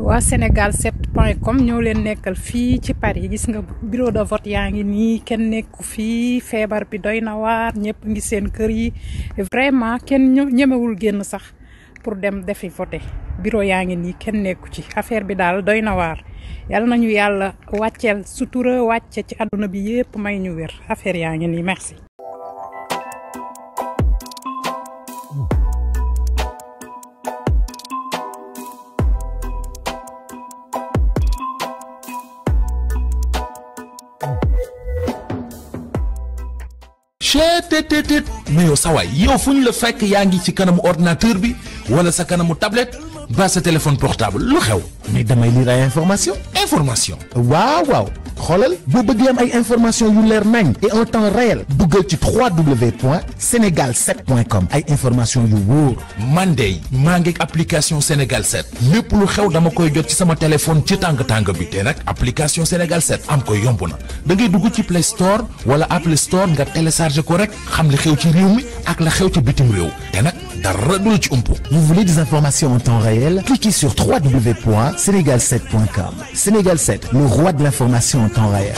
waa Sénégal 7 point comme ñoo leen nekkal fii ci Paris gis nga bureau de vote yaa ngi nii kenn nekku fii feebar bi doy na waar ñëpp ngi seen kër yi vraiment kenn ñemewul génn sax pour dem defi vote bureau yaa ngi nii kenn nekku ci affaire bi daal doy na waar yal nañu yàlla wàcceel sutura wàcce ci àdduna bi yépp may ñu wér affaire yaa ngi nii merci. cheetetetet mais yow sa waay yow fu ñu la fekk yaa ngi ci kanamu ordinateur bi wala sa kanamu tablette ba sa téléphone portable lu xew mais damay lire ay information information waaw waaw xoolal boo bëggee am ay information yu leer nañ et en temps réel duggal ci wwwsenegal comme ay information yu wóor man de maa ngi application Sénégal 7 lépp lu xew dama koy jot ci sama téléphone ci tàng tàng bi te nag application Sénégal 7 am koy yomb na da ngay dugg ci Play Store wala Apple Store nga télécharge ko rek xam li xew ci réew mi ak la xew ci bitim réew te nag dara ci umpu. Vous voulez des informations en temps réel? Cliquez sur www.senegal7.com. Sénégal 7, le roi de l'information en temps réel.